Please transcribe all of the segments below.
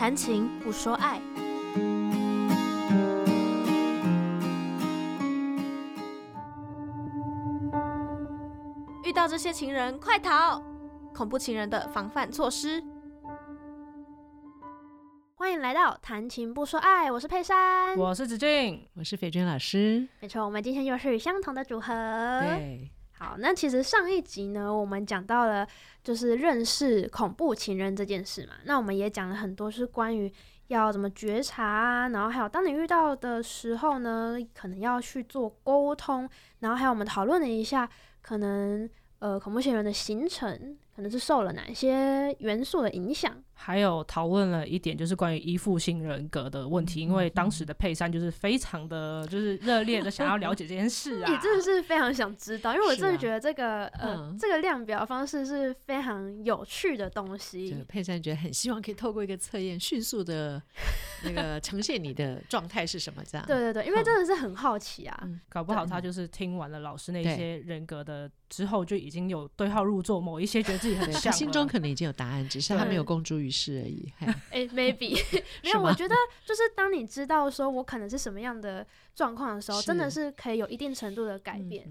談情不說愛，遇到這些情人快逃！恐怖情人的防範措施。歡迎來到談情不說愛，我是佩珊，我是子俊，我是斐娟老師。沒錯，我們今天又是相同的組合。對。好，那其實上一集呢，我們講到了就是認識恐怖情人這件事嘛。那我們也講了很多是關於要怎麼覺察啊，然後還有當你遇到的時候呢，可能要去做溝通，然後還有我們討論了一下可能呃恐怖情人的形成。可能是受了哪些元素的影響？還有討論了一點，就是關於依附性人格的問題。嗯。因為當時的佩珊就是非常的，就是熱烈的想要了解這件事啊， 嗯，也真的是非常想知道。因為我真的覺得這個、啊、呃、嗯，這個量表方式是非常有趣的東西。佩珊覺得很希望可以透過一個測驗，迅速的那個呈現你的狀態是什麼這樣。對對對，因為真的是很好奇啊，搞不好他就是聽完了老師那些人格的，之後就已經有對號入座，某一些覺得自己很像 心中可能已經有答案，只是他沒有公諸於世而已。哎、嗯欸、，maybe 沒有？我覺得就是當你知道說我可能是什麼樣的狀況的時候，真的是可以有一定程度的改變，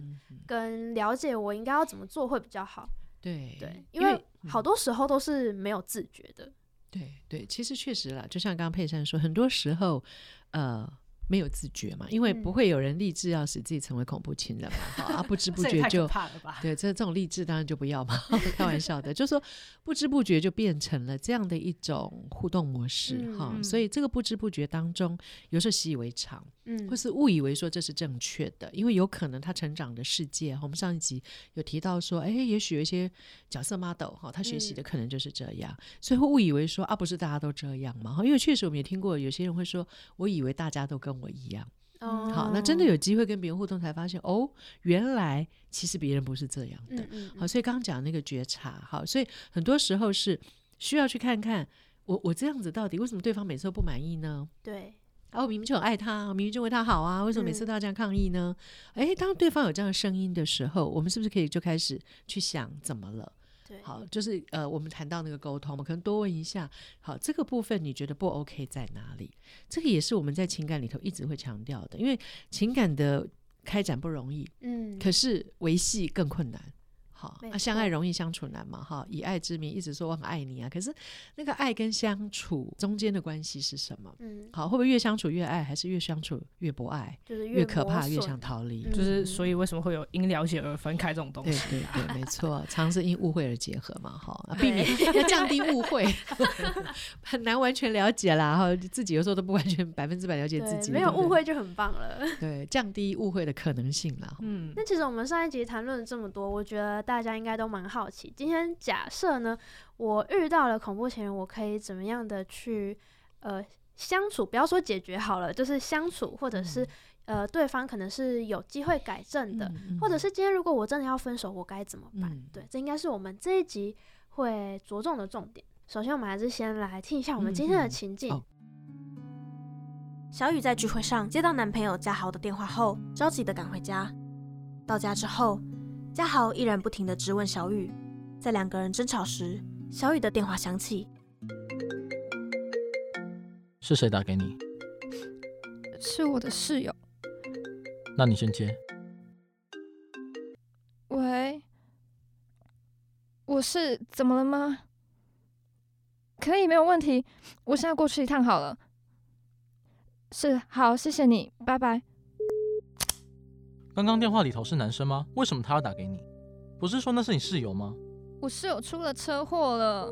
跟、嗯嗯嗯、了解我應該要怎麼做會比較好。對對，因為、嗯、好多時候都是沒有自覺的。對對，其實確實啦，就像剛剛佩珊說，很多時候，呃。沒有自覺嘛？因為不會有人立志要使自己成為恐怖情人嘛？哈、嗯、啊，不知不覺就怕了吧對，這這種立志當然就不要嘛。 開玩笑的，就說不知不覺就變成了這樣的一種互動模式、嗯、哈。所以這個不知不覺當中，有時候習以為常，嗯，或是誤以為說這是正確的，嗯、因為有可能他成長的世界，哈我們上一集有提到說，哎，也許有些角色 model 哈，他學習的可能就是這樣，嗯、所以會誤以為說啊，不是大家都這樣嘛？哈，因為確實我們也聽過有些人會說，我以為大家都跟。我一樣、哦，好，那真的有機會跟別人互動，才發現哦，原來其實別人不是這樣的。嗯嗯嗯、好，所以剛剛講那個覺察，好，所以很多時候是需要去看看我，我我這樣子到底為什麼對方每次都不滿意呢？對，哦，我明明就很愛他，明明就為他好啊，為什麼每次都要這樣抗議呢？哎、嗯欸，當對方有這樣的聲音的時候，我們是不是可以就開始去想怎麼了？好，就是呃，我們談到那個溝通，我們可能多問一下。好，這個部分你覺得不 OK 在哪裡？這個也是我們在情感裡頭一直會強調的，因為情感的開展不容易，嗯，可是維繫更困難。好，那、啊、相愛容易相處難嘛。哈，以愛之名一直說我很愛你啊，可是那個愛跟相處中間的關係是什麼？嗯，好，會不會越相處越愛，還是越相處越不愛？就是越、越可怕越想逃離、嗯，就是所以為什麼會有因了解而分開這種東西？對對對沒，沒錯，常是因誤會而結合嘛。哈、啊，避免要、哎、降低誤會， 很難完全了解啦。哈，自己有時候都不完全百分之百了解自己，沒有誤會就很棒了。對，降低誤會的可能性啦。嗯，那其實我們上一集談論了這麼多，我覺得。大家應該都蠻好奇，今天假設呢，我遇到了恐怖情人，我可以怎麼樣的去呃相處？不要說解決好了，就是相處，或者是、嗯、呃對方可能是有機會改正的嗯嗯，或者是今天如果我真的要分手，我該怎麼辦、嗯？對，這應該是我們這一集會着重的重點。首先，我們還是先來聽一下我們今天的情境。嗯嗯，小雨在聚會上接到男朋友家豪的電話後，着急的趕回家。到家之後。家豪依然不停的質問小雨，在兩個人爭吵時，小雨的電話響起。是誰打給你？」是我的室友。那你先接。喂，我是怎麼了嗎？可以，沒有問題。我現在過去一趟好了。是，好，謝謝你，拜拜。剛剛電話裡頭是男生嗎？為什麼他要打給你？不是說那是你室友嗎？我室友出了車禍了。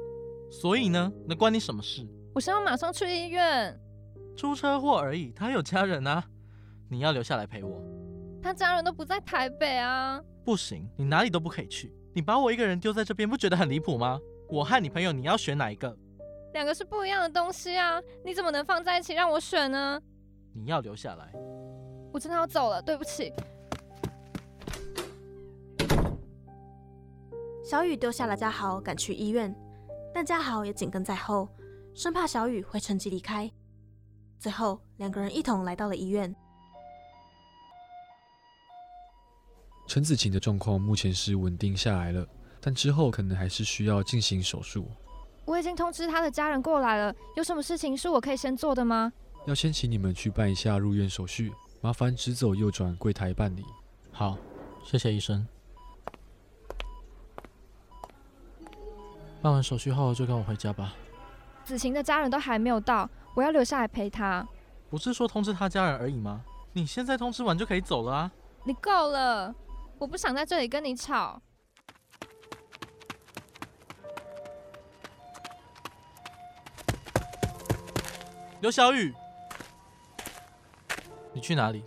所以呢？那關你什麼事？我想要馬上去醫院。出車禍而已，他有家人啊。你要留下來陪我。他家人都不在台北啊。不行，你哪裡都不可以去。你把我一個人丟在這邊，不覺得很離譜嗎？我和你朋友，你要選哪一個？兩個是不一樣的東西啊，你怎麼能放在一起讓我選呢？你要留下來。我真的要走了，對不起。小雨丟下了家豪，趕去醫院，但家豪也緊跟在後，生怕小雨會趁機離開。最後，兩個人一同來到了醫院。陳子晴的狀況目前是穩定下來了，但之後可能還是需要進行手術。我已經通知他的家人過來了，有什麼事情是我可以先做的嗎？要先請你們去辦一下入院手續，麻煩直走右轉櫃台辦理。好，謝謝醫生。辦完手續後就跟我回家吧。子晴的家人都還沒有到，我要留下來陪他。不是說通知他家人而已嗎？你現在通知完就可以走了啊。你夠了，我不想在這裡跟你吵。劉小雨，你去哪裡？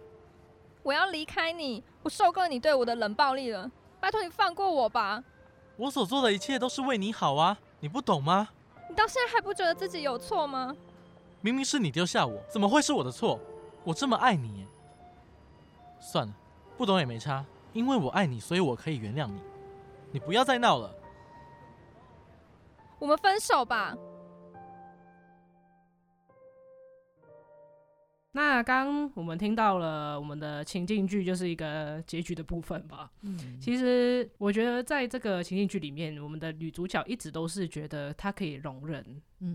我要離開你，我受夠你對我的冷暴力了，拜托你放過我吧。我所做的一切都是為你好啊，你不懂嗎？你到現在還不覺得自己有錯嗎？明明是你丟下我，怎麼會是我的錯？我這麼愛你耶，算了，不懂也沒差。因為我愛你，所以我可以原諒你。你不要再鬧了，我們分手吧。那剛我們聽到了，我們的情境劇就是一個結局的部分吧。嗯，其實我覺得在這個情境劇裡面，我們的女主角一直都是覺得她可以容忍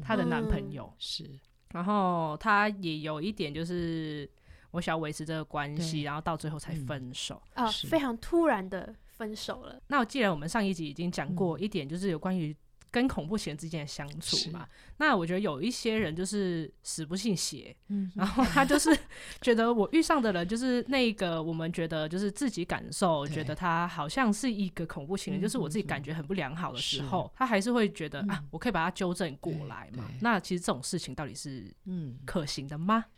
她的男朋友，是，嗯。然後她也有一點就是，我想要維持這個關係，然後到最後才分手啊，嗯哦，非常突然的分手了。那既然我們上一集已經講過一點，就是有關於。跟恐怖情人之間的相處嘛，那我覺得有一些人就是死不信邪，嗯，然後他就是覺得我遇上的人就是那個我們覺得就是自己感受，覺得他好像是一個恐怖情人，就是我自己感覺很不良好的時候，他還是會覺得啊、嗯，我可以把他糾正過來嘛，對對對。那其實這種事情到底是嗯可行的嗎？嗯嗯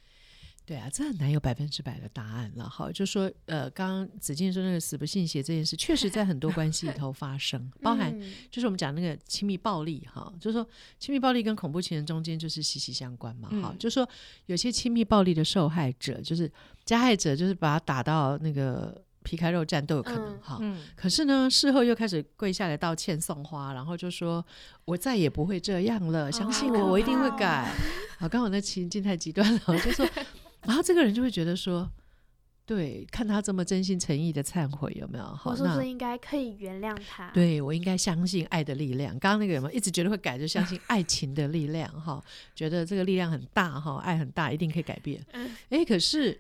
對啊，這很難有百分之百的答案了。好，就說呃，剛剛子敬說那個“死不信邪”這件事，確實在很多關係裡頭發生， 包含就是我們講那個親密暴力哈，就是說親密暴力跟恐怖情人中間就是息息相關嘛。哈、嗯，就是說有些親密暴力的受害者，就是加害者，就是把他打到那個皮開肉綻都有可能哈、嗯嗯。可是呢，事後又開始跪下來道歉、送花，然後就說：“我再也不會這樣了，相信我，哦、我一定會改。哦”好，剛好那情境太極端了，我就說。 然後這個人就會覺得說，對，看他這麼真心誠意的懺悔，有沒有？我說是應該可以原諒他。對，我應該相信愛的力量。剛剛那個有沒有一直覺得會改，就相信愛情的力量？哈、 哦，覺得這個力量很大，哈、哦，愛很大，一定可以改變。嗯，哎，可是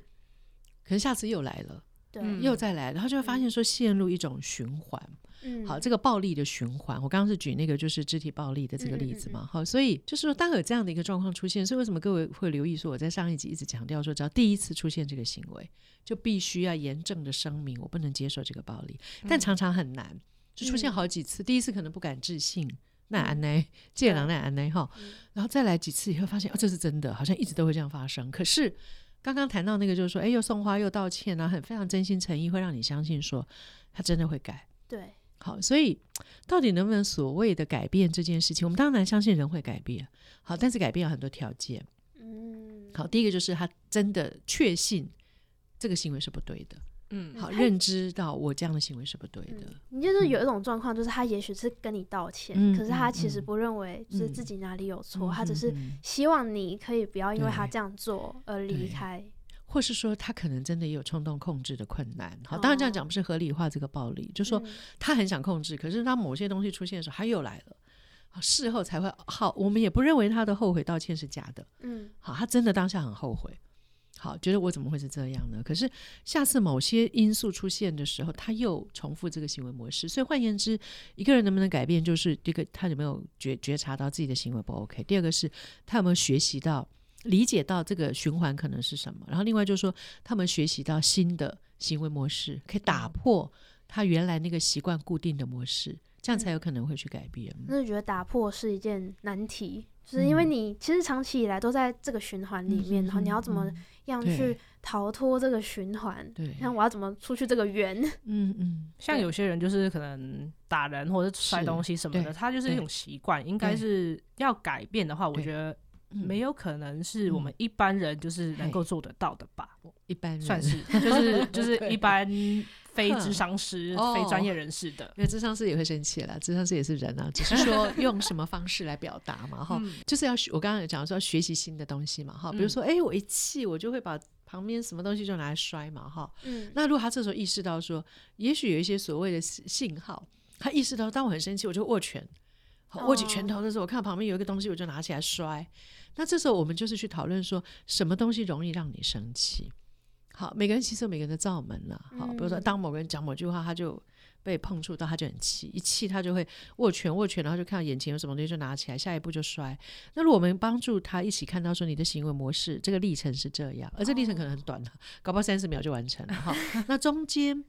可是下次又來了，對，又再來了，然後就會發現說陷入一種循環。嗯、好，這個暴力的循環，我剛剛是舉那個就是肢體暴力的這個例子嘛。嗯嗯嗯、好，所以就是說，當有這樣的一個狀況出現，所以為什麼各位會留意？說我在上一集一直強調說，只要第一次出現這個行為，就必須要嚴正的聲明，我不能接受這個暴力，嗯。但常常很難，就出現好幾次，嗯、第一次可能不敢置信，嗯、那安奈借狼那安奈哈、嗯，然後再來幾次以後，發現哦，這是真的，好像一直都會這樣發生。可是剛剛談到那個，就是說，哎，又送花又道歉啊，很非常真心誠意，會讓你相信說他真的會改。對。好，所以到底能不能所謂的改變這件事情？我們當然相信人會改變。好，但是改變有很多條件。嗯，好，第一個就是他真的確信這個行為是不對的。嗯，好，認知到我這樣的行為是不對的。嗯嗯、你就是有一種狀況，就是他也許是跟你道歉、嗯，可是他其實不認為是自己哪裡有錯、嗯，他只是希望你可以不要因為他這樣做而離開。或是說他可能真的也有衝動控制的困難，好，當然這樣講不是合理化這個暴力，哦、就說他很想控制，可是當某些東西出現的時候，他又來了，事後才會，好，我們也不認為他的後悔道歉是假的，嗯，好，他真的當下很後悔，好，覺得我怎麼會是這樣呢？可是下次某些因素出現的時候，他又重複這個行為模式。所以換言之，一個人能不能改變，就是這個他有沒有覺覺察到自己的行為不 OK。第二個是他有沒有學習到。理解到這個循環可能是什麼，然後另外就是說，他們學習到新的行為模式，可以打破他原來那個習慣固定的模式，這樣才有可能會去改變。嗯、那你覺得打破是一件難題，就是因為你、嗯、其實長期以來都在這個循環裡面、嗯，然後你要怎麼樣去逃脫這個循環？對，那我要怎麼出去這個圓？嗯嗯，像有些人就是可能打人或者摔東西什麼的，他就是一種習慣，應該是要改變的話，我覺得。嗯、沒有可能是我們一般人就是能夠做得到的吧？一、嗯、般算是，算是 就是 就是一般非諮商師 非專業人士的，因為諮商師也會生氣了啦，諮商師也是人啊，只，就是說用什麼方式來表達嘛哈、 哦。就是要我剛剛有講說要學習新的東西嘛哈、哦，比如說哎、嗯欸、我一氣我就會把旁邊什麼東西就拿來摔嘛哈、哦嗯。那如果他這時候意識到說，也許有一些所謂的信號，他意識到當我很生氣，我就握拳，握起拳頭的時候，我看到旁邊有一個東西，我就拿起來摔。那這時候我們就是去討論說，什麼東西容易讓你生氣？好，每個人其實每個人的罩門了。好、嗯，比如說當某個人講某句話，他就被碰觸到，他就很氣，一氣他就會握拳，握拳，然後就看到眼前有什麼東西就拿起來，下一步就摔。那如果我們幫助他一起看到說，你的行為模式這個歷程是這樣，而這歷程可能很短的、哦，搞不好三十秒就完成了。好，那中間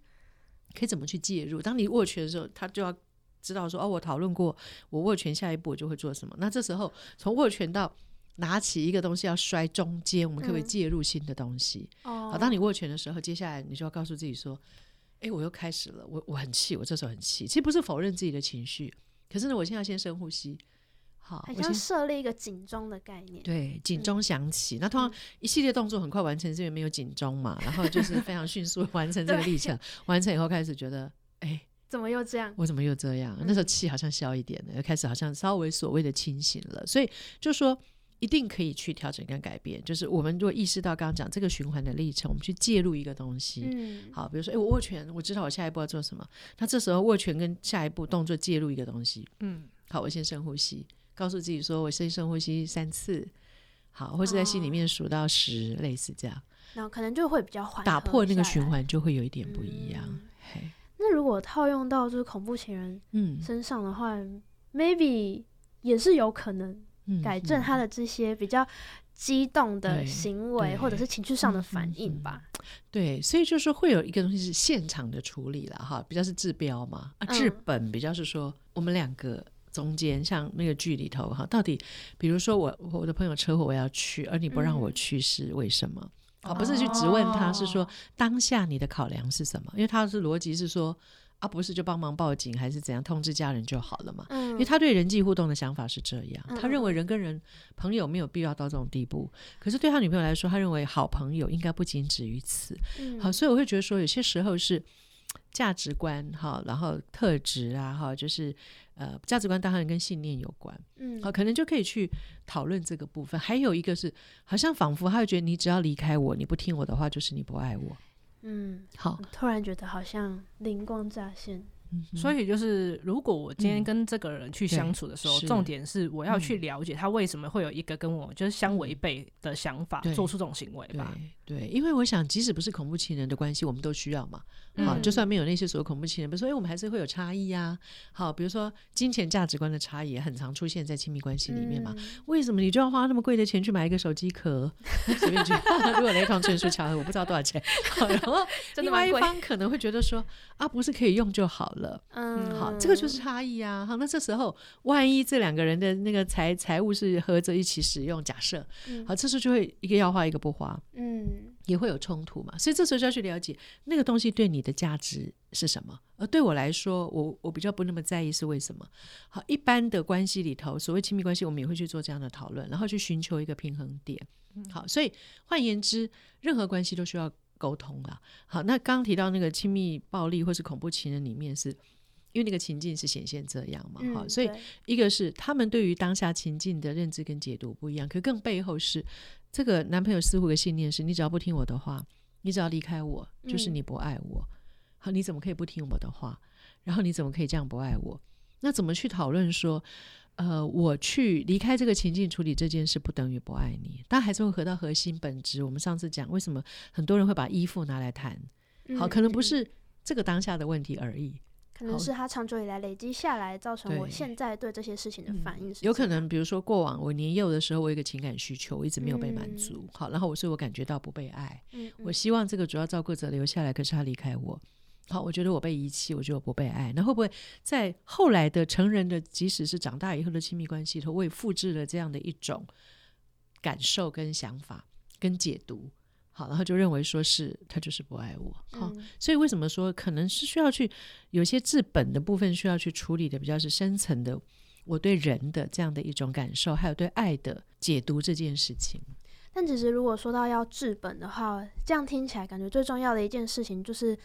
可以怎麼去介入？ 當你握拳的時候，他就要知道說，哦，我討論過，我握拳下一步我就會做什麼。那這時候從握拳到拿起一個東西要摔，中間，我們可不可以介入新的東西，嗯？好，當你握拳的時候，接下來你就要告訴自己說：“哎、哦欸，我又開始了，我我很氣，我這時候很氣。”其實不是否認自己的情緒，可是呢，我現在要先深呼吸。好，好要設立一個警鐘的概念，對，警鐘響起、嗯，那通常一系列動作很快完成，是因為沒有警鐘嘛？然後就是非常迅速完成這個歷程， 完成以後開始覺得：“哎、欸，怎麼又這樣？我怎麼又這樣？”嗯、那時候氣好像消一點了，又開始好像稍微所謂的清醒了。所以就說。一定可以去調整跟改變，就是我們如果意識到剛剛講這個循環的歷程，我們去介入一個東西。嗯，好，比如說，哎、欸，我握拳，我知道我下一步要做什麼。那這時候握拳跟下一步動作介入一個東西。嗯，好，我先深呼吸，告訴自己說我先深呼吸三次。好，或是在心裡面數到十、哦，類似這樣。那可能就會比較緩，打破那個循環就會有一點不一樣、嗯嘿。那如果套用到就是恐怖情人嗯身上的話、嗯、maybe 也是有可能。改正他的這些比較激動的行為，嗯、或者是情緒上的反應吧。對，所以就是說會有一個東西是現場的處理了哈，比較是治標嘛，啊，治本比較是說我們兩個中間，像那個劇裡頭哈，到底比如說我我的朋友車禍我要去，而你不讓我去是為什麼？啊、嗯，不是去質問他，是說當下你的考量是什麼？因為他是邏輯是說。啊不是就幫忙報警，還是怎樣通知家人就好了嘛。嗯，因為他對人際互動的想法是這樣。嗯，他認為人跟人朋友沒有必要到這種地步。嗯。可是對他女朋友來說，他認為好朋友應該不僅止於此。嗯。好，所以我會覺得說，有些時候是價值觀哈，然後特質啊哈，就是呃價值觀當然跟信念有關。嗯，好，可能就可以去討論這個部分。還有一個是，好像仿佛他會覺得你只要離開我，你不聽我的話，就是你不愛我。嗯，好。突然覺得好像靈光乍現。嗯、所以就是，如果我今天跟這個人去相處的時候、嗯，重點是我要去了解他為什麼會有一個跟我就是相違背的想法，做出這種行為吧。對，對對因為我想，即使不是恐怖情人的關係，我們都需要嘛。啊、嗯，就算沒有那些所謂恐怖情人，比如說，哎、欸，我們還是會有差異啊。好，比如說金錢價值觀的差異，也很常出現在親密關係裡面嘛、嗯。為什麼你就要花那麼貴的錢去買一個手機殼？隨 如果雷同純屬巧合， 我不知道多少錢。好然後，另外一方可能會覺得說，啊，不是可以用就好了。了，嗯嗯，好，這個就是差異啊。好，那這時候萬一這兩個人的那個財財務是合着一起使用，假設，好，這時候就會一個要花，一個不花，嗯，也會有衝突嘛。所以這時候就要去了解那個東西對你的價值是什麼。而對我來說，我我比較不那麼在意，是為什麼？好，一般的關係裡頭，所謂親密關係，我們也會去做這樣的討論，然後去尋求一個平衡點。好，所以換言之，任何關係都需要。溝通啊，好，那剛剛提到那個親密暴力或是恐怖情人裡面是，是因為那個情境是顯現這樣嘛、嗯？好，所以一個是他們對於當下情境的認知跟解讀不一樣，可更背後是這個男朋友似乎的信念是：你只要不聽我的話，你只要離開我，就是你不愛我、嗯。好，你怎麼可以不聽我的話？然後你怎麼可以這樣不愛我？那怎麼去討論說？呃，我去離開這個情境處理這件事，不等於不愛你，但還是會回到核心本質。我們上次講，為什麼很多人會把依附拿來談、嗯？好，可能不是這個當下的問題而已，可能是他長久以來累積下來造成我現在對這些事情的反應、嗯、有可能，比如說過往我年幼的時候，我有一個情感需求，一直沒有被滿足。好，然後我說我感覺到不被愛嗯嗯。我希望這個主要照顧者留下來，可是他離開我。好，我覺得我被遺棄，我覺得我不被愛。那會不會在後來的成人的，即使是長大以後的親密關係裡頭，我也複製了這樣的一種感受、跟想法、跟解讀？好，然後就認為說是他就是不愛我。好，嗯。所以為什麼說可能是需要去有些治本的部分需要去處理的，比較是深層的，我對人的這樣的一種感受，還有對愛的解讀這件事情。但其實如果說到要治本的話，這樣聽起來感覺最重要的一件事情就是。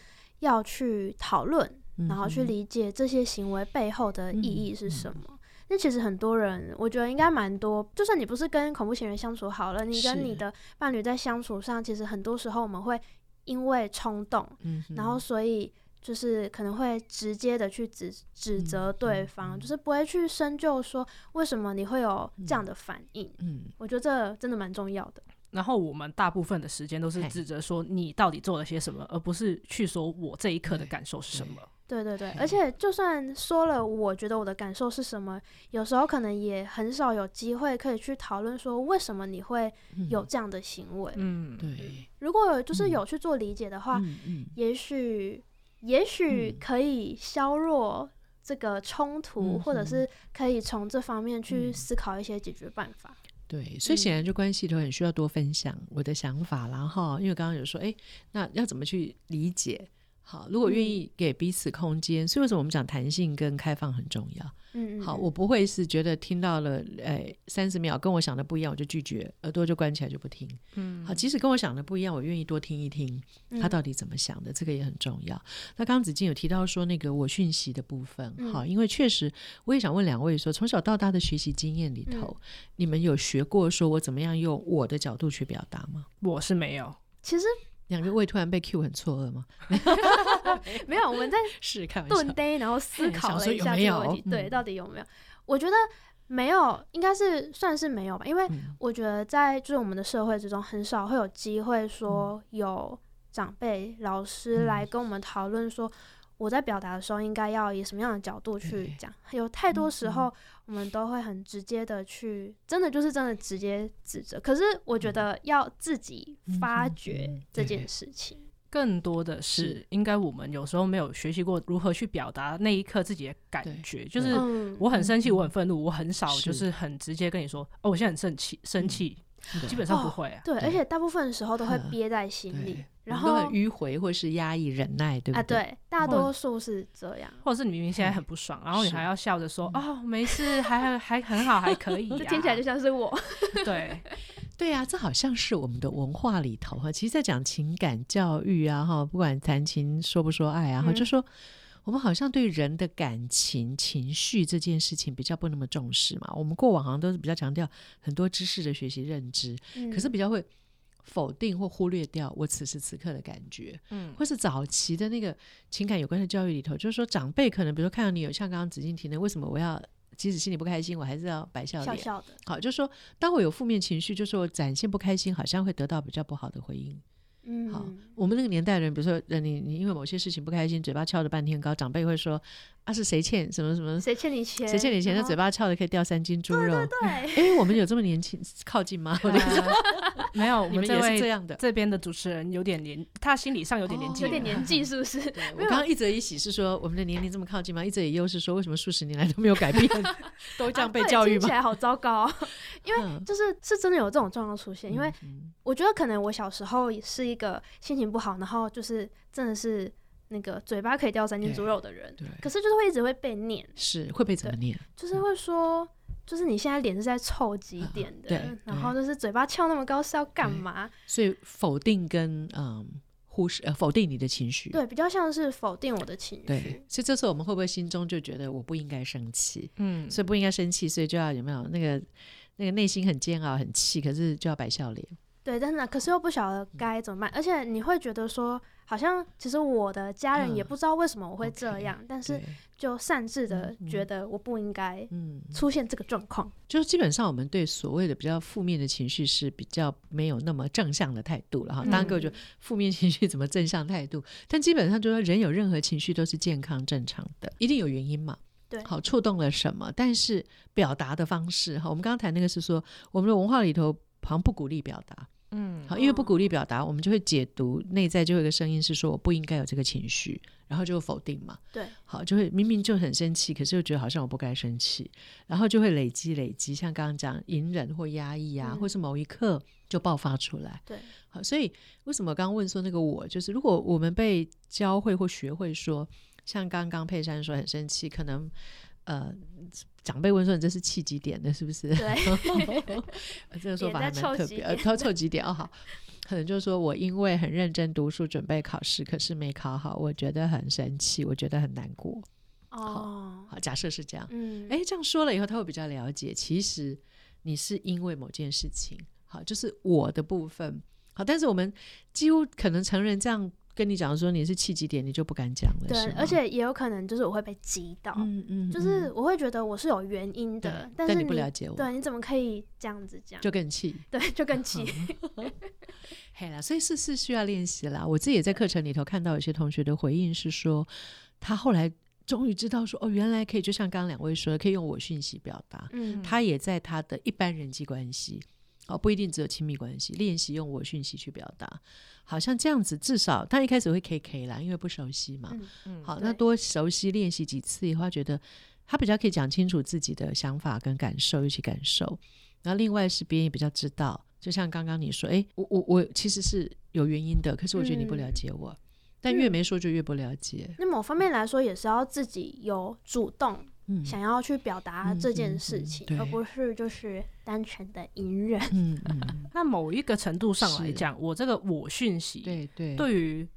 要去討論，然後去理解這些行為背後的意義是什麼。那、嗯嗯、其實很多人，我覺得應該蠻多。就算、是、你不是跟恐怖情人相處好了，你跟你的伴侶在相處上，其實很多時候我們會因為衝動、嗯嗯，然後所以就是可能會直接的去指指責對方、嗯嗯，就是不會去深究說為什麼你會有這樣的反應。嗯嗯、我覺得這真的蠻重要的。然後我們大部分的時間都是指責說你到底做了些什麼，hey, 而不是去說我這一刻的感受是什麼。Hey, hey. 對對對，hey. 而且就算說了，我覺得我的感受是什麼，有時候可能也很少有機會可以去討論說為什麼你會有這樣的行為。嗯，對、嗯。如果就是有去做理解的話，嗯、也許、嗯、也許可以削弱這個衝突、嗯，或者是可以從這方面去思考一些解決辦法。對，所以顯然就關係都很需要多分享我的想法，嗯、然後，因為剛剛有說，哎，那要怎麼去理解？好，如果願意給彼此空間、嗯，所以為什麼我們講彈性跟開放很重要？嗯，好，我不會是覺得聽到了，誒、欸，三十秒跟我想的不一樣，我就拒絕，耳朵就關起來就不聽。嗯，好，即使跟我想的不一樣，我願意多聽一聽他到底怎麼想的，嗯、這個也很重要。那剛剛子靜有提到說那個我訊息的部分，嗯、好，因為確實我也想問兩位說，從小到大的學習經驗裡頭、嗯，你們有學過說我怎麼樣用我的角度去表達嗎？我是沒有，其實。兩個胃突然被 cue 很錯愕嗎？ 沒有，我們在是頓呆，然後思考了一下這個問題，對，到底有沒有？嗯、我覺得沒有，應該是算是沒有吧，因為我覺得在就是我們的社會之中，很少會有機會說有長輩、老師來跟我們討論說。我在表達的時候，應該要以什麼樣的角度去講？有太多時候，我們都會很直接的去，真的就是真的直接指責。可是我覺得要自己發掘這件事情，更多的是應該我們有時候沒有學習過如何去表達那一刻自己的感覺。就是我很生氣，我很憤怒，我很少就是很直接跟你說，哦，我現在很生氣，生氣。基本上不會啊、哦對對，對，而且大部分的時候都會憋在心裡，呃、然後都迂回或是壓抑忍耐，對不對？啊，對，大多數是這樣或，或者是你明明現在很不爽，然後你還要笑着說：“哦，沒事， 還還很好，還可以、啊。 ”這聽起來就像是我， 對，對啊，這好像是我們的文化裡頭哈。其實，在講情感教育啊哈，不管談情說不說愛、啊，然後就說。我們好像對人的感情、情緒這件事情比較不那麼重視嘛。我們過往好像都是比較強調很多知識的學習、認知，嗯，可是比較會否定或忽略掉我此時此刻的感覺。嗯，或是早期的那個情感有關的教育裡頭，就是說長輩可能，比如說看到你有像剛剛紫敬提的，為什麼我要即使心裡不開心，我還是要擺笑臉？笑笑的。好，就是說，當我有負面情緒，就是說我展現不開心，好像會得到比較不好的回應。嗯，好，我們那個年代的人，比如說，你你因為某些事情不開心，嘴巴翹着半天高，長輩會說。啊，是誰欠什麼什麼？誰欠你錢？誰欠你錢？他嘴巴翹的可以掉三斤豬肉。對對對、嗯欸！我們有這麼年輕靠近嗎？啊、我 沒有，我們，你們也是這樣的。這邊的主持人有點年，他心理上有點年紀、哦，有點年紀是不是？ 對，我剛剛一則一喜是說我們的年齡這麼靠近嗎？一則一憂是說為什麼數十年來都沒有改變， 都這樣被教育嗎？聽、啊、起來好糟糕，因為就是是真的有這種狀況出現、嗯。因為我覺得可能我小時候也是一個心情不好，然後就是真的是。那個嘴巴可以吊三斤豬肉的人對，對，可是就是會一直會被念，是會被怎麼念？就是會說、嗯，就是你現在臉是在臭幾點的、啊？然後就是嘴巴翹那麼高是要幹嘛？嗯、所以否定跟嗯忽視、呃，否定你的情緒，對，比較像是否定我的情緒。所以這次我們會不會心中就覺得我不應該生氣？嗯，所以不應該生氣，所以就要有沒有那個那個內心很煎熬、很氣，可是就要擺笑臉？對，但是呢，可是又不曉得該怎麼辦，嗯、而且你會覺得說。好像其實我的家人也不知道為什麼我會這樣，嗯、okay, 但是就擅自的覺得我不應該，嗯，出現這個狀況。就是基本上我們對所謂的比較負面的情緒是比較沒有那麼正向的態度了哈。當然，各位就負面情緒怎麼正向態度？嗯、但基本上就說人有任何情緒都是健康正常的，一定有原因嘛。對，好，觸動了什麼？但是表達的方式哈，我們剛剛談那個是說我們的文化裡頭好像不鼓勵表達。嗯，好，因為不鼓勵表達，哦，我們就會解讀內在就有一個聲音是說我不應該有這個情緒，然後就否定嘛。對，好，就會明明就很生氣，可是又覺得好像我不該生氣，然後就會累積累積，像剛剛講隱忍或壓抑啊，嗯，或是某一刻就爆發出來。對，好，所以為什麼剛剛問說那個我就是如果我們被教會或學會說，像剛剛佩珊說很生氣，可能。呃，長輩問說：“你這是氣幾點的？是不是？”對， 這個說法還蠻特別。呃，他臭幾點？ 哦，好，可能就是說我因為很認真讀書準備考試，可是沒考好，我覺得很生氣，我覺得很難過。哦，好，好，假設是這樣。嗯，哎，這樣說了以後，他會比較了解。其實你是因為某件事情，好，就是我的部分。好，但是我們幾乎可能承認這樣。跟你講說你是氣急點，你就不敢講了。對是，而且也有可能就是我會被激到，嗯嗯，嗯，就是我會覺得我是有原因的，但是你，但你不了解我。對，你怎麼可以這樣子講？就更氣，對，就更氣。嘿 啦，所以是是需要練習啦。我自己也在課程裡頭看到有些同學的回應是說，他後來終於知道說，哦，原來可以就像剛剛兩位說，可以用我訊息表達。嗯，他也在他的一般人際關係。哦，不一定只有親密關係，練習用我訊息去表達，好像這樣子，至少他一開始會 K K 啦，因為不熟悉嘛。嗯嗯、好，那多熟悉練習幾次以後，覺得他比較可以講清楚自己的想法跟感受，尤其感受。然後另外是別人也比較知道，就像剛剛你說，誒，我我我其實是有原因的，可是我覺得你不了解我，嗯、但越沒說就越不了解。嗯、那某方面來說，也是要自己有主動。想要去表達這件事情，嗯嗯嗯嗯，而不是就是單純的隱忍。 嗯嗯嗯， 那某一個程度上來講，我這個我訊息對對，對於。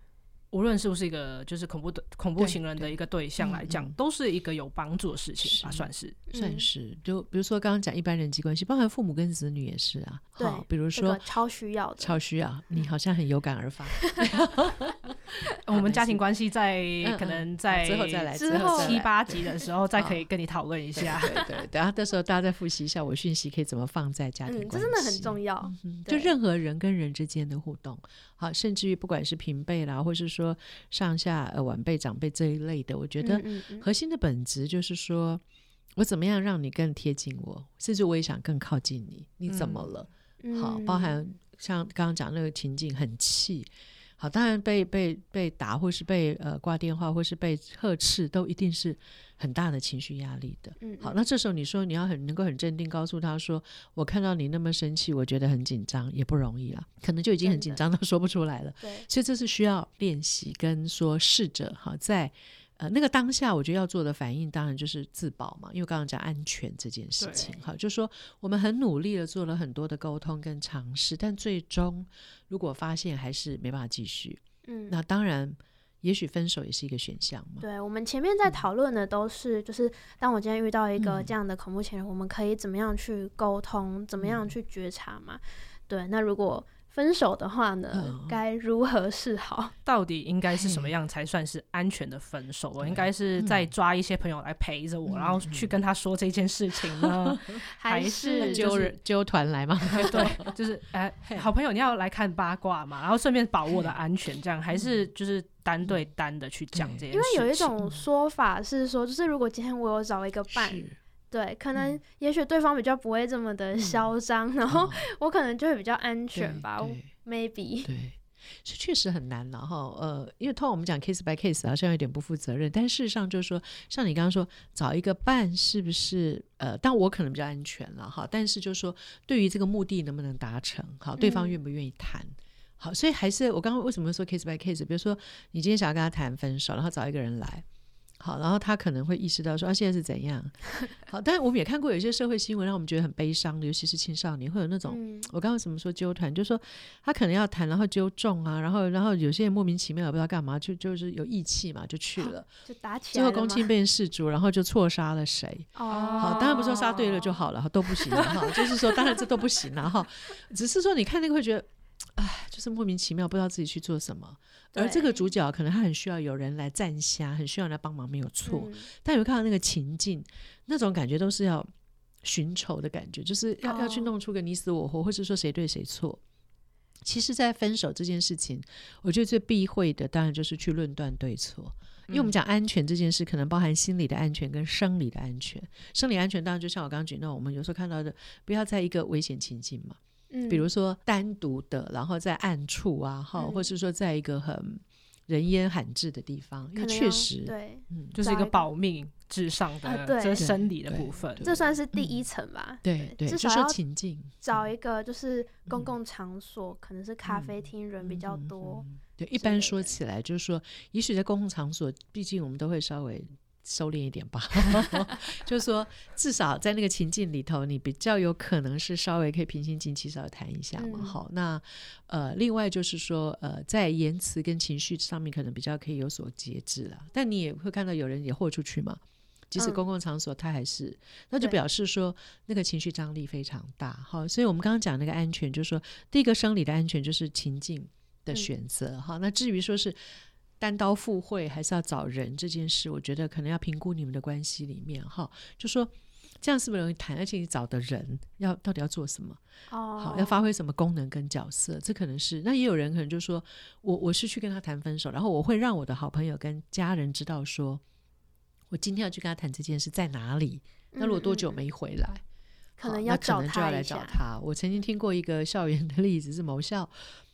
無論是不是一個就是恐怖恐怖情人的一個對象來講，對對，都是一個有幫助的事情吧，算是算是，嗯。就比如說剛剛講一般人際關係，包含父母跟子女也是啊。好，哦，比如說、那個、超需要，的，超需要。你好像很有感而發。 我們家庭關係在 可能在， 啊，之後再來之後七八集的時候再可以跟你討論一,一下。對對，對，對，然後到時候大家再複習一下我訊息可以怎麼放在家庭關係，嗯，這真的很重要，嗯。就任何人跟人之間的互動。對好，甚至於不管是平輩啦，或是說上下呃晚輩長輩這一類的，我覺得核心的本質就是說嗯嗯嗯，我怎麼樣讓你更貼近我，甚至我也想更靠近你。你怎麼了？嗯、好，包含像剛剛講那個情景很氣，好，當然被被被打，或是被呃掛電話，或是被呵斥，都一定是。很大的情緒壓力的嗯嗯，好，那這時候你說你要很能夠很鎮定，告訴他說：“我看到你那麼生氣，我覺得很緊張，也不容易了啊，可能就已經很緊張到說不出來了。”對，所以這是需要練習跟說試着哈，在呃那個當下，我覺得要做的反應當然就是自保嘛，因為剛剛講安全這件事情哈，就說我們很努力的做了很多的溝通跟嘗試，但最終如果發現還是沒辦法繼續，嗯，那當然。也許分手也是一個選項嘛？對，我們前面在討論的都是、嗯，就是當我今天遇到一個這樣的恐怖情人、嗯、我們可以怎麼樣去溝通，怎麼樣去覺察嘛、嗯？對，那如果分手的話呢，該、哦、如何是好？到底應該是什麼樣才算是安全的分手？我應該是再抓一些朋友來陪着我、嗯，然後去跟他說這件事情呢，嗯嗯 還是人、就是、揪團來嗎？ 對，就是哎、呃，好朋友你要來看八卦嘛，然後順便保我的安全，這樣還是就是。單對單的去講這些，嗯，因為有一種說法是說，嗯，就是如果今天我有找一個伴，對，可能也許對方比較不會這麼的囂張，嗯，然後我可能就會比較安全吧。嗯哦，Maybe，對，對，對，是確實很難了，啊，哈。呃，因為通常我們講 case by case 好像有點不負責任，但事實上就是說，像你剛剛說找一個伴是不是呃，但我可能比較安全了，啊，哈。但是就是說，對於這個目的能不能達成，好，對方願不願意談？嗯好，所以還是我剛剛為什麼說 case by case？比如說，你今天想要跟他談分手，然後找一個人來，好，然後他可能會意識到說啊，現在是怎樣？好，但是我們也看過有一些社會新聞，讓我們覺得很悲傷的，尤其是青少年會有那種、嗯、我剛剛怎麼說揪團，就是說他可能要談，然後糾眾啊，然後然後有些人莫名其妙也不知道幹嘛，就就是有義氣嘛，就去了，啊、就打起來了，最後公親被人事主，然後就錯殺了誰？哦，好，當然不是說殺對了就好了，都不行哈， 就是說當然這都不行了哈， 只是說你看那個會覺得。哎，就是莫名其妙，不知道自己去做什麼。而這個主角可能他很需要有人來站下，很需要人來幫忙，沒有錯。嗯、但有，沒有看到那個情境，那種感覺都是要尋仇的感覺，就是要、哦、要去弄出個你死我活，或是說誰對誰錯。其實，在分手這件事情，我覺得最避諱的當然就是去論斷對錯、嗯，因為我們講安全這件事，可能包含心理的安全跟生理的安全。生理安全當然就像我剛剛舉那，我們有時候看到的，不要在一個危險情境嘛。比如說單獨的，然後在暗處啊，哈、嗯，或者是說在一個很人煙罕至的地方，因為確實對，嗯，就是一個保命至上的，這、就是生理的部分，這算是第一層吧，嗯、對，對，對就說情境找一個就是公共場所、嗯，可能是咖啡廳人比較多，嗯嗯嗯嗯嗯、對，一般說起來就是說、嗯，也許在公共場所，畢竟我們都會稍微。收斂一點吧 就是說，至少在那個情境裡頭，你比較有可能是稍微可以平心靜氣，稍微談一下嘛。嗯、好，那呃，另外就是說，呃，在言辭跟情緒上面，可能比較可以有所節制了。但你也會看到有人也豁出去嘛。即使公共場所，他還是、嗯，那就表示說，那個情緒張力非常大。好，所以我們剛剛講那個安全，就是說，第一個生理的安全就是情境的選擇。哈、嗯，那至於說是。單刀赴會還是要找人這件事，我覺得可能要評估你們的關係裡面哈，就說這樣是不是容易談？而且你找的人要到底要做什麼？哦，好，要發揮什麼功能跟角色？這可能是。那也有人可能就說，我我是去跟他談分手，然後我會讓我的好朋友跟家人知道說，我今天要去跟他談這件事，在哪裡、嗯？那如果多久沒回來，嗯、可能要找他，可能就要來找他。我曾經聽過一個校園的例子，是某校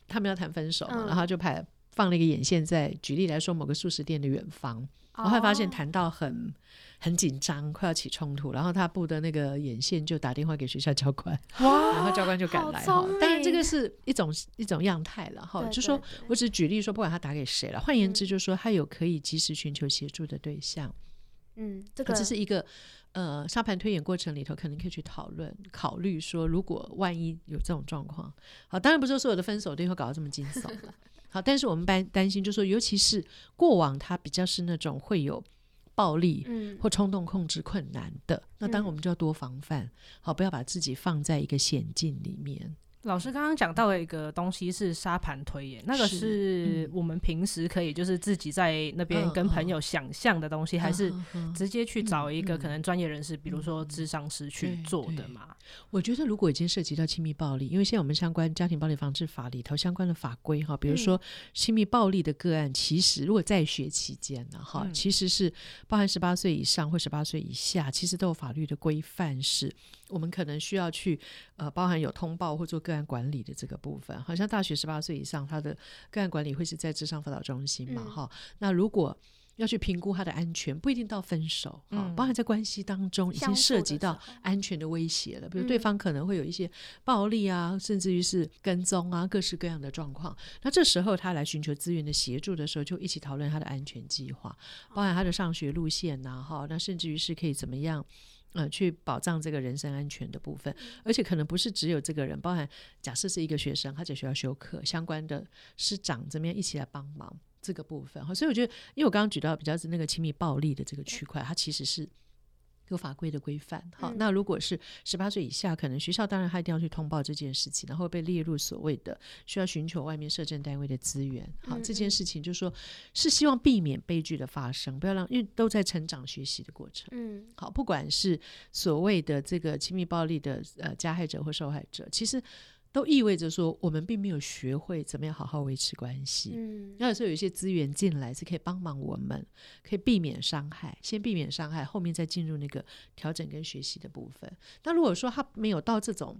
他們要談分手嘛，嗯、然後就派。放了一個眼線在，舉例來說，某個速食店的遠方，oh. 然後發現談到很很緊張，快要起衝突，然後他布的那個眼線就打電話給學校教官，哇、oh.，然後教官就趕來哈。當、oh. 然，但這個是一種一種樣態了哈，就說，我只舉例說，不管他打給誰了，換言之，就是說他有可以及時尋求協助的對象，嗯，這個這是一個呃沙盤推演過程裡頭，可能可以去討論考慮說，如果萬一有這種狀況，好，當然不是說我的分手都會搞得這麼驚悚 好，但是我們擔擔心，就是說尤其是過往它比較是那種會有暴力或衝動控制困難的，嗯、那當然我們就要多防範，好，不要把自己放在一個險境裡面。老師剛剛講到一個東西是沙盤推演，那個是我們平時可以就是自己在那邊跟朋友想象的東西，嗯，還是直接去找一個可能專業人士，嗯嗯、比如說諮商師，去做的嘛？我覺得如果已經涉及到親密暴力，因為現在我們相關家庭暴力防治法裡頭相關的法規哈，比如說親密暴力的個案，其實如果在學期間呢，哈，其實是包含十八歲以上或十八歲以下，其實都有法律的規範是。我們可能需要去，呃，包含有通報或做個案管理的這個部分。好像大學十八歲以上，他的個案管理會是在諮商輔導中心嘛？哈、嗯，那如果要去評估他的安全，不一定到分手，哈，包含在關係當中已經涉及到安全的威脅了的，比如對方可能會有一些暴力啊，甚至於是跟蹤啊，各式各樣的狀況，嗯。那這時候他來尋求資源的協助的時候，就一起討論他的安全計劃，包含他的上學路線吶，啊，哈，那甚至於是可以怎麼樣？嗯、呃，去保障這個人身安全的部分，而且可能不是只有這個人，包含假設是一個學生，他在學校休課相關的師長這邊一起來幫忙這個部分。所以我覺得，因為我剛剛舉到比較是那個親密暴力的這個區塊，嗯、它其實是。有法規的規範，好，那如果是十八歲以下，可能學校當然他一定要去通報這件事情，然後被列入所謂的需要尋求外面社政單位的資源，好，這件事情就是說，是希望避免悲劇的發生，不要讓因為都在成長學習的過程，嗯，好，不管是所謂的這個親密暴力的呃加害者或受害者，其實。都意味着說，我們並沒有學會怎麼樣好好維持關係。嗯，那有時候有一些資源進來是可以幫忙我們，可以避免傷害，先避免傷害，後面再進入那個調整跟學習的部分。那如果說他沒有到這種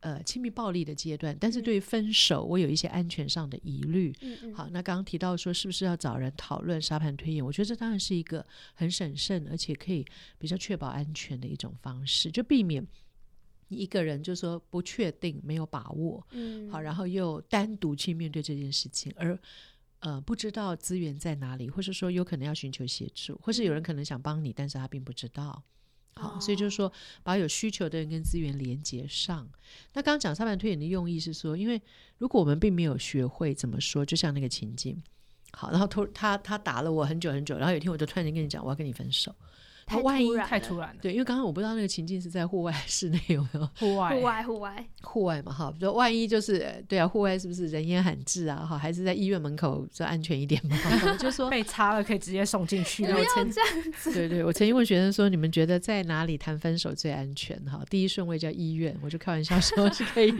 呃親密暴力的階段，但是對於分手，嗯，我有一些安全上的疑慮。嗯嗯，好，那剛剛提到說是不是要找人討論沙盤推演？我覺得這當然是一個很審慎，而且可以比較確保安全的一種方式，就避免。你一個人就說不確定、沒有把握、嗯，好，然後又單獨去面對這件事情，而呃不知道資源在哪裡，或是說有可能要尋求協助，嗯、或是有人可能想幫你，但是他並不知道，好，哦、所以就是說把有需求的人跟資源連接上。那剛剛講沙盤推演的用意是說，因為如果我們並沒有學會怎麼說，就像那個情境，好，然後他他他打了我很久很久，然後有一天我就突然間跟你講我要跟你分手。萬一太，太突然了，對，對，因為剛剛我不知道那個情境是在戶外還是室內，有沒有戶外？戶外，戶外，戶外嘛，哈，比如萬一就是對啊，戶外是不是人煙罕至啊？哈，還是在醫院門口就安全一點嘛？我就說 被插了可以直接送進去。然後我曾經對，對，對，對我曾經問學生說，你們覺得在哪裡談分手最安全？哈，第一順位叫醫院，我就開玩笑說是可以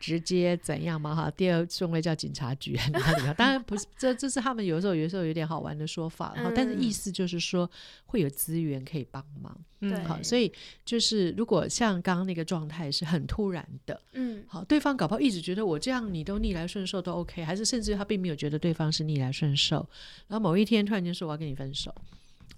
直接怎樣嘛？哈，第二順位叫警察局，怎 當然不是，這這是他們有，的時，候有的時候有時候有點好玩的說法，哈，但是意思就是說會有資源。可以幫忙，嗯，好，所以就是如果像剛剛那個狀態是很突然的，嗯，好，對方搞不好一直覺得我這樣你都逆來順受都 OK，還是甚至他並沒有覺得對方是逆來順受，然後某一天突然間說我要跟你分手。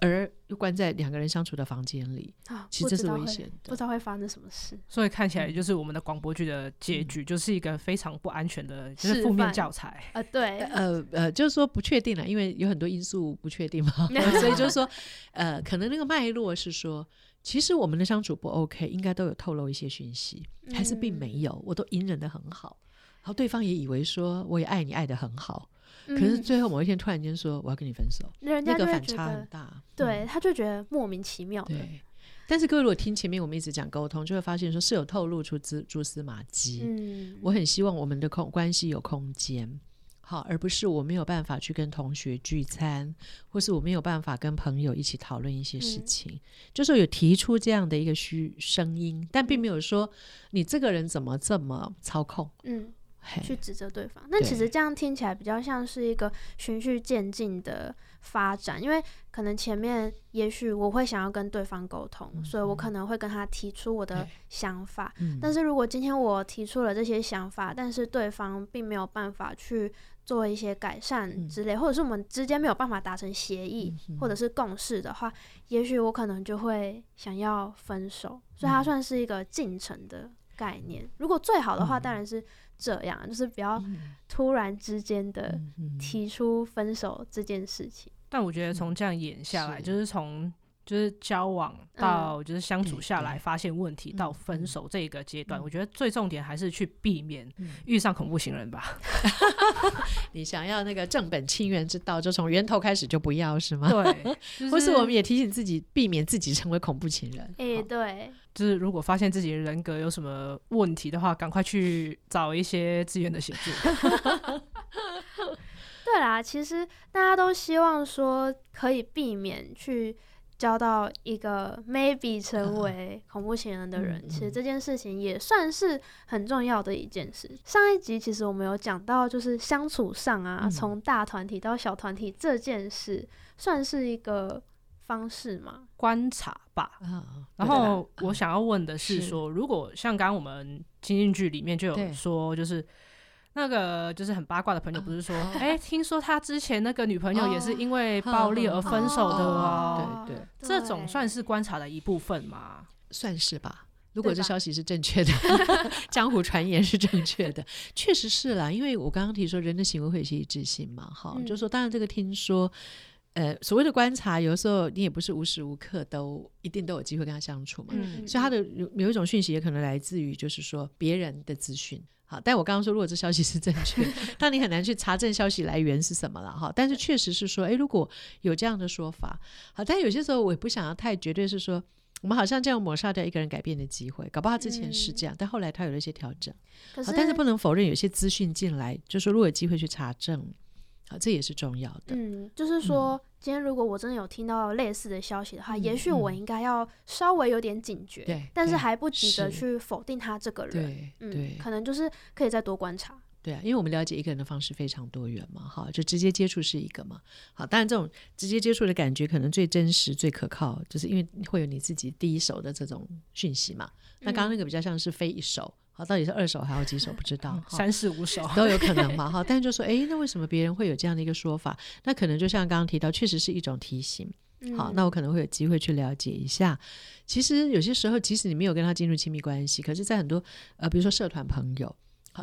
而又關在兩個人相處的房間裡，啊，其實這是危險，不知道會發生什麼事。所以看起來就是我們的廣播劇的結局，就是一個非常不安全的負、嗯，就是、面教材啊、呃。對，呃呃，就是說不確定了，因為有很多因素不確定嘛。 所以就是說，呃，可能那個脈絡是說，其實我們的相處不 OK，應該都有透露一些訊息、嗯，還是並沒有，我都隱忍的很好，然後對方也以為說，我也愛你愛的很好。可是最後某一天突然間說我要跟你分手。嗯，那人家，那個反差很大，對，嗯，他就覺得莫名其妙。對，但是各位如果聽前面我們一直講溝通，就會發現說是有透露出蜘蛛絲馬跡，嗯。我很希望我們的空關係有空間，好，嗯，而不是我沒有辦法去跟同學聚餐，或是我沒有辦法跟朋友一起討論一些事情，嗯，就是有提出這樣的一個虛聲音，但並沒有說你這個人怎麼這麼操控。嗯。嗯去指責對方，那其實這樣聽起來比較像是一個循序漸進的發展，因為可能前面也許我會想要跟對方溝通、嗯，所以我可能會跟他提出我的想法。但是如果今天我提出了這些想法、嗯，但是對方並沒有辦法去做一些改善之類，嗯、或者是我們之間沒有辦法達成協議、嗯、或者是共識的話，嗯、也許我可能就會想要分手。嗯、所以他算是一個進程的概念、嗯。如果最好的話，當然是。這樣就是比較突然之間的提出分手這件事情，嗯嗯嗯嗯、但我覺得從這樣演下來，就是從。就是交往到就是相處下來發現問題到分手這個階段，我覺得最重點還是去避免遇上恐怖情人吧、嗯。你、嗯嗯 嗯嗯嗯嗯、想要那個正本清源之道，就從源頭開始就不要是嗎？對，就是、或是我們也提醒自己，避免自己成為恐怖情人。哎、欸，對，就是如果發現自己的人格有什麼問題的話，趕快去找一些資源的協助、嗯。嗯嗯、對啦，其實大家都希望說可以避免去。交到一個 maybe 成為恐怖情人的人，uh -huh. 其實這件事情也算是很重要的一件事。Uh -huh. 上一集其實我們有講到，就是相處上啊，從、uh -huh. 大團體到小團體這件事，算是一個方式嘛，觀察吧。Uh -huh. 然後我想要問的是說，說、uh -huh. 如果像剛剛我們情景劇裡面就有說，就是。那個就是很八卦的朋友，不是說哎、嗯欸，聽說他之前那個女朋友也是因為暴力而分手的，啊，哦嗯哦，對，對對，這種算是觀察的一部分嘛？算是吧，如果這消息是正確的， 江湖傳言是正確的，確 實是啦。因為我剛剛提說，人的行為會是一致性嘛，好，嗯，就是說，當然這個聽說，呃，所謂的觀察，有時候你也不是無時無刻都一定都有機會跟他相處嘛，嗯，所以他的有有一種訊息也可能來自於就是說別人的資訊。好，但我剛剛說，如果這消息是正確，那 你很難去查證消息來源是什麼了哈。但是確實是說，哎，如果有這樣的說法，好，但有些時候我也不想要太絕對是說，我們好像這樣抹殺掉一個人改變的機會。搞不好之前是這樣，嗯、但後來他有了一些調整。好，可是，但是不能否認，有些資訊進來，就是如果有機會去查證，好，這也是重要的。嗯，就是說。嗯今天如果我真的有聽到類似的消息的話，嗯，也許我應該要稍微有點警覺，嗯，但是還不急着去否定他這個人，對對、嗯對，對，可能就是可以再多觀察。對啊，因為我們了解一個人的方式非常多元嘛，哈，就直接接觸是一個嘛，好，當然這種直接接觸的感覺可能最真實、最可靠，就是因為會有你自己第一手的這種訊息嘛。嗯，那剛剛那個比較像是非一手。到底是二手還有幾手不知道，三四五手 都有可能嘛哈。但就說，誒、欸，那為什麼別人會有這樣的一個說法？那可能就像剛剛提到，確實是一種提醒，好、嗯，那我可能會有機會去了解一下。其實有些時候，即使你沒有跟他進入親密關係，可是在很多呃，比如說社團朋友。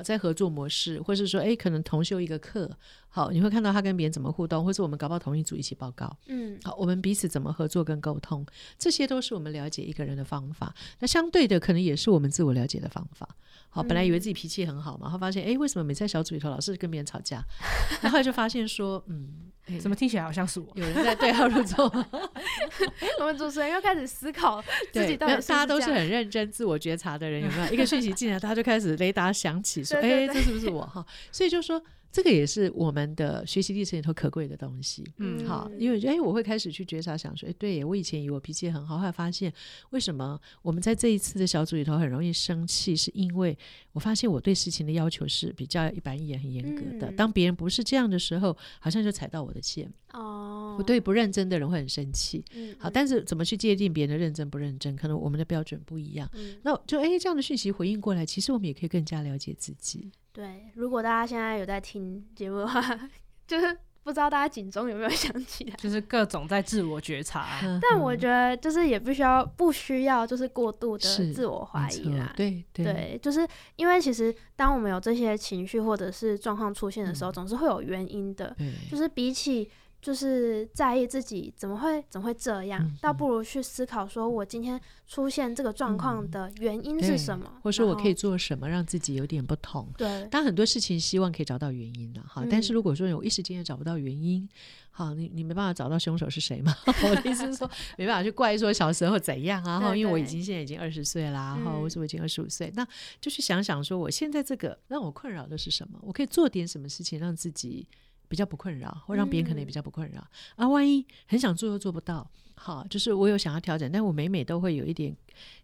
在合作模式，或是說，哎，可能同修一個課，好，你會看到他跟別人怎麼互動，或是我們搞不好同一組一起報告，嗯，好，我們彼此怎麼合作跟溝通，這些都是我們了解一個人的方法。那相對的，可能也是我們自我了解的方法。好，本來以為自己脾氣很好嘛，嗯、然後發現，哎，為什麼每次在小組裡頭老是跟別人吵架？ 然後就發現說，嗯。怎、欸、麼聽起來好像是我？有人在對號入座， 我們主持人又開始思考自己到底是是。大家都是很認真、自我覺察的人，有沒有？ 一個訊息進來，他就開始雷達響起，說：“哎、 欸，這是不是我？”哈、 哦，所以就說。這個也是我們的學習歷程裡頭可貴的東西，嗯，好，因為哎，我會開始去覺察，想說，哎，對我以前以為我脾氣很好，後來發現為什麼我們在這一次的小組裡頭很容易生氣，是因為我發現我對事情的要求是比較一板一眼、很嚴格的、嗯，當別人不是這樣的時候，好像就踩到我的線，哦，我對不認真的人會很生氣，好，但是怎麼去界定別人的認真不認真，可能我們的標準不一樣，嗯、那就哎這樣的訊息回應過來，其實我們也可以更加了解自己。對，如果大家現在有在聽節目的話，就是不知道大家警鐘有沒有響起來，就是各種在自我覺察。 但我覺得就是也不需要，不需要就是過度的自我懷疑啦。對對、對，就是因為其實當我們有這些情緒或者是狀況出現的時候，嗯、總是會有原因的。就是比起。就是在意自己怎麼會怎麼會這樣、嗯，倒不如去思考說，我今天出現這個狀況的原因是什麼？嗯、或者說我可以做什麼讓自己有點不同？對，但很多事情希望可以找到原因的哈。但是如果說我一時間也找不到原因，嗯、好，你你沒辦法找到凶手是誰嗎？ 我的意思是說， 沒辦法去怪說小時候怎樣啊？哈， 因為我已經現在已經二十歲啦，哈，為什麼已經二十五歲、嗯？那就去想想說我現在這個讓我困擾的是什麼？我可以做點什麼事情讓自己。比較不困擾，會讓別人可能也比較不困擾、嗯。啊，萬一很想做又做不到，好，就是我有想要調整，但我每每都會有一點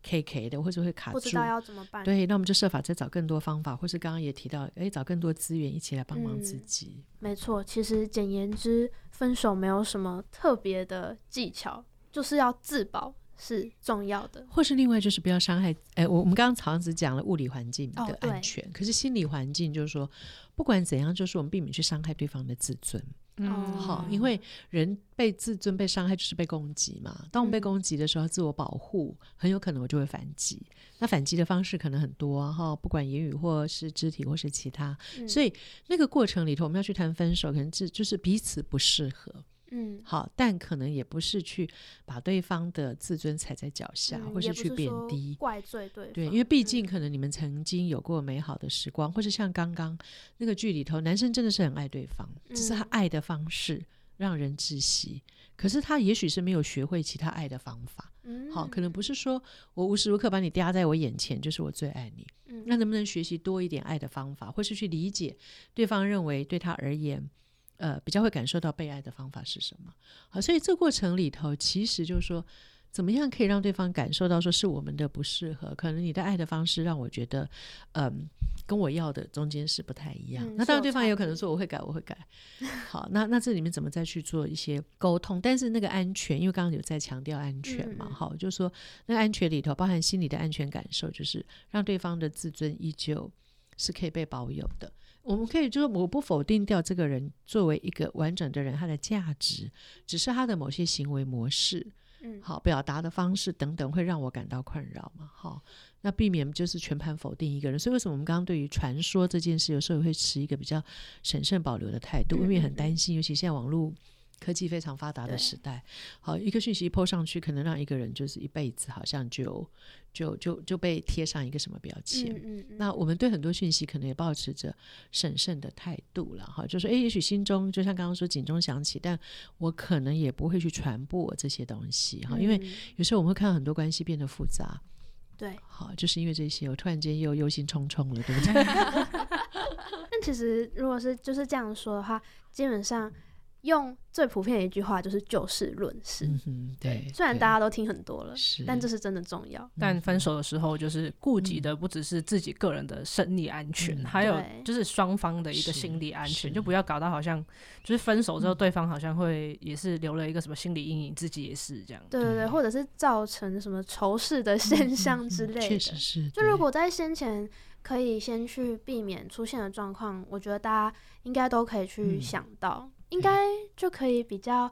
KK 的，或者會卡住，不知道要怎麼辦。對，那我們就設法再找更多方法，或是剛剛也提到，哎、欸，找更多資源一起來幫忙自己。嗯、沒錯，其實簡言之，分手沒有什麼特別的技巧，就是要自保。是重要的，或是另外就是不要傷害。哎、欸，我我們剛剛好像只講了物理環境的安全、哦，可是心理環境就是說，不管怎樣，就是我們避免去傷害對方的自尊。嗯，好，因為人被自尊被傷害就是被攻擊嘛。當我們被攻擊的時候，自我保護很有可能我就會反擊、嗯。那反擊的方式可能很多哈、啊，不管言語或是肢體或是其他。嗯、所以那個過程裡頭，我們要去談分手，可能這就是彼此不適合。嗯，好，但可能也不是去把對方的自尊踩在腳下、嗯，或是去貶低、怪罪。對，對對，因為畢竟可能你們曾經有過美好的時光，嗯、或是像剛剛那個劇裡頭，男生真的是很愛對方、嗯，只是他愛的方式讓人窒息。可是他也許是沒有學會其他愛的方法，嗯，好，可能不是說我無時無刻把你壓在我眼前就是我最愛你，嗯，那能不能學習多一點愛的方法，或是去理解對方認為對他而言？呃，比較會感受到被愛的方法是什麼？好，所以這過程裡頭，其實就是說，怎麼樣可以讓對方感受到說是我們的不適合？可能你的愛的方式讓我覺得，嗯、呃，跟我要的中間是不太一樣。嗯、那當然，對方也有可能說我會改，我會改。好，那那這裡面怎麼再去做一些溝通？ 但是那個安全，因為剛剛有在強調安全嘛、嗯，好，就是說那個安全裡頭包含心理的安全感受，就是讓對方的自尊依舊是可以被保有的。我們可以就是，我不否定掉這個人作為一個完整的人，他的價值，只是他的某些行為模式，嗯，好，表達的方式等等會讓我感到困擾嘛，哈，那避免就是全盤否定一個人。所以為什麼我們剛剛對於傳說這件事，有時候也會持一個比較審慎保留的態度，因為很擔心，尤其現在網絡。科技非常發達的時代，好，一個訊息一潑上去，可能讓一個人就是一輩子，好像就就就就被貼上一個什麼標籤，嗯嗯。那我們對很多訊息可能也抱持着審慎的態度了，哈，就說，哎、欸，也許心中就像剛剛說警鐘響起，但我可能也不會去傳播這些東西，哈，嗯，因為有時候我們會看到很多關係變得複雜，對，好，就是因為這些，我突然間又憂心忡忡了，對不對？ 但其實，如果是就是這樣說的話，基本上。用最普遍的一句話就是就事論事，嗯。對，雖然大家都聽很多了，但這是真的重要。嗯，但分手的時候，就是顧及的不只是自己個人的生理安全，啊嗯，還有就是雙方的一個心理安全，就不要搞到好像就是分手之後，對方好像會也是留了一個什麼心理陰影，嗯，自己也是這樣。對對對，嗯，或者是造成什麼仇視的現象之類的。確、嗯、實是。就如果在先前可以先去避免出現的狀況，我覺得大家應該都可以去想到。嗯應該就可以比較，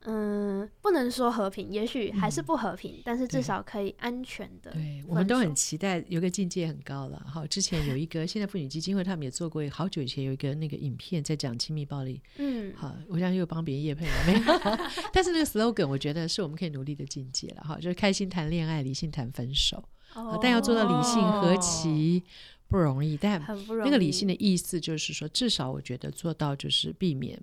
嗯，不能說和平，也許還是不和平，嗯，但是至少可以安全的。對，對我們都很期待，有個境界很高了哈。之前有一個現在婦女基金會，他們也做過，好久以前有一個那個影片在講親密暴力，嗯，好，我想又幫別人業配了沒有？ 但是那個 slogan 我覺得是我們可以努力的境界了哈，就是開心談戀愛，理性談分手，哦，但要做到理性何其不容易，哦，但那個理性的意思就是說，至少我覺得做到就是避免。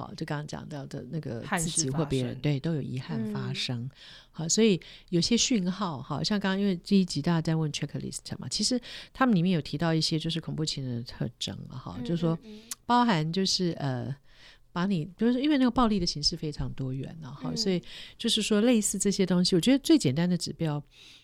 好，就剛剛講到的那個自己或別人，對，都有遺憾發生、嗯。好，所以有些訊號，好像剛剛因為這一集大家在問 checklist 嘛，其實他們裡面有提到一些就是恐怖情人的特徵啊，哈、嗯嗯，就是說包含就是呃。把你，就是因為那個暴力的形式非常多元吶、啊，哈、嗯，所以就是說類似這些東西，我覺得最簡單的指標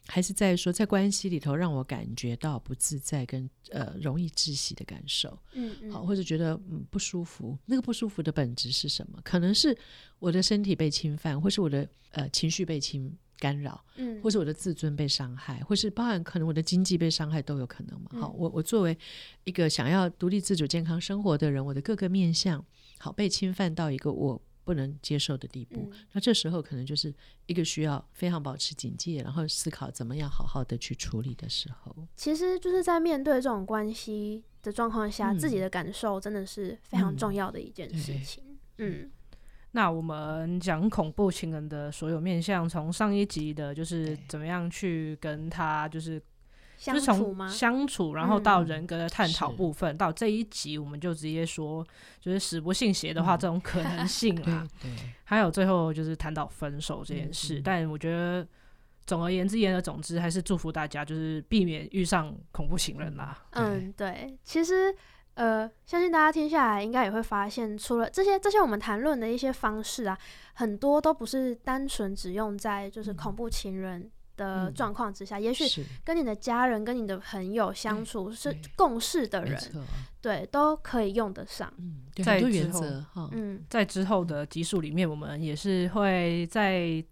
還是在說，在關係裡頭讓我感覺到不自在跟呃容易窒息的感受，嗯、嗯，好或者覺得、嗯、不舒服，那個不舒服的本質是什麼？可能是我的身體被侵犯，或是我的呃情緒被侵干擾，嗯，或是我的自尊被傷害，或是包含可能我的經濟被傷害都有可能嘛。嗯、好，我我作為一個想要獨立自主、健康生活的人，我的各個面向。好被侵犯到一個我不能接受的地步，嗯，那這時候可能就是一個需要非常保持警戒，然後思考怎麼樣好好的去處理的時候。其實就是在面對這種關係的狀況下，嗯，自己的感受真的是非常重要的一件事情。嗯，嗯嗯，那我們講恐怖情人的所有面向，從上一集的就是怎麼樣去跟他就是。相處從、就是、相處，然後到人格的探討部分、嗯，到這一集我們就直接說，就是死不信邪的話，嗯、這種可能性啊。 還有最後就是談到分手這件事、嗯，但我覺得總而言之言而總之、嗯，還是祝福大家，就是避免遇上恐怖情人啦。嗯，對，嗯、對其實呃，相信大家聽下來應該也會發現，除了這些這些我們談論的一些方式啊，很多都不是單純只用在就是恐怖情人。嗯的狀況之下，嗯、也許跟你的家人、跟你的朋友相處，嗯、是共事的人、啊，對，都可以用得上。嗯，對，在之後、嗯，在之後的集數裡面，我們也是會在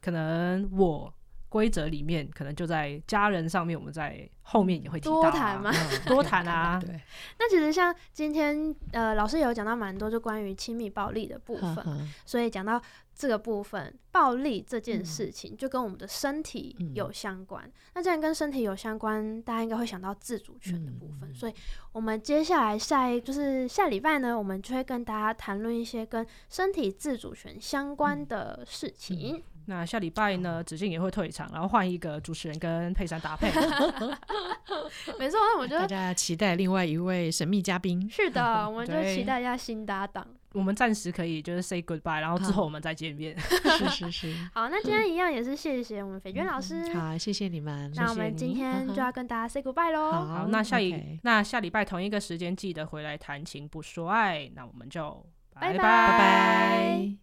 可能我。規則裡面可能就在家人上面，我們在後面也會提到、啊。多談嘛，嗯、 多談談啊 對對。對。那其實像今天呃，老師也有講到蠻多，就關於親密暴力的部分呵呵。所以講到這個部分，暴力這件事情、嗯、就跟我們的身體有相關、嗯。那既然跟身體有相關，大家應該會想到自主權的部分。嗯、所以我們接下來下一就是下禮拜呢，我們就會跟大家談論一些跟身體自主權相關的事情。嗯嗯那下禮拜呢，子靖也會退場，然後換一個主持人跟佩珊搭配。 沒錯，那我們就大家期待另外一位神秘嘉賓。是的，呵呵，我們就期待一下新搭檔。我們暫時可以就是 say goodbye，然後之後我們再見面。呵呵 是是是。好，那今天一樣也是謝謝我們斐娟老師、嗯。好，謝謝你們。那我們今天謝謝就要跟大家 say goodbye 咯。好，那下禮、okay、那下禮拜同一個時間記得回來談情不說愛。那我們就拜拜拜拜。Bye bye bye bye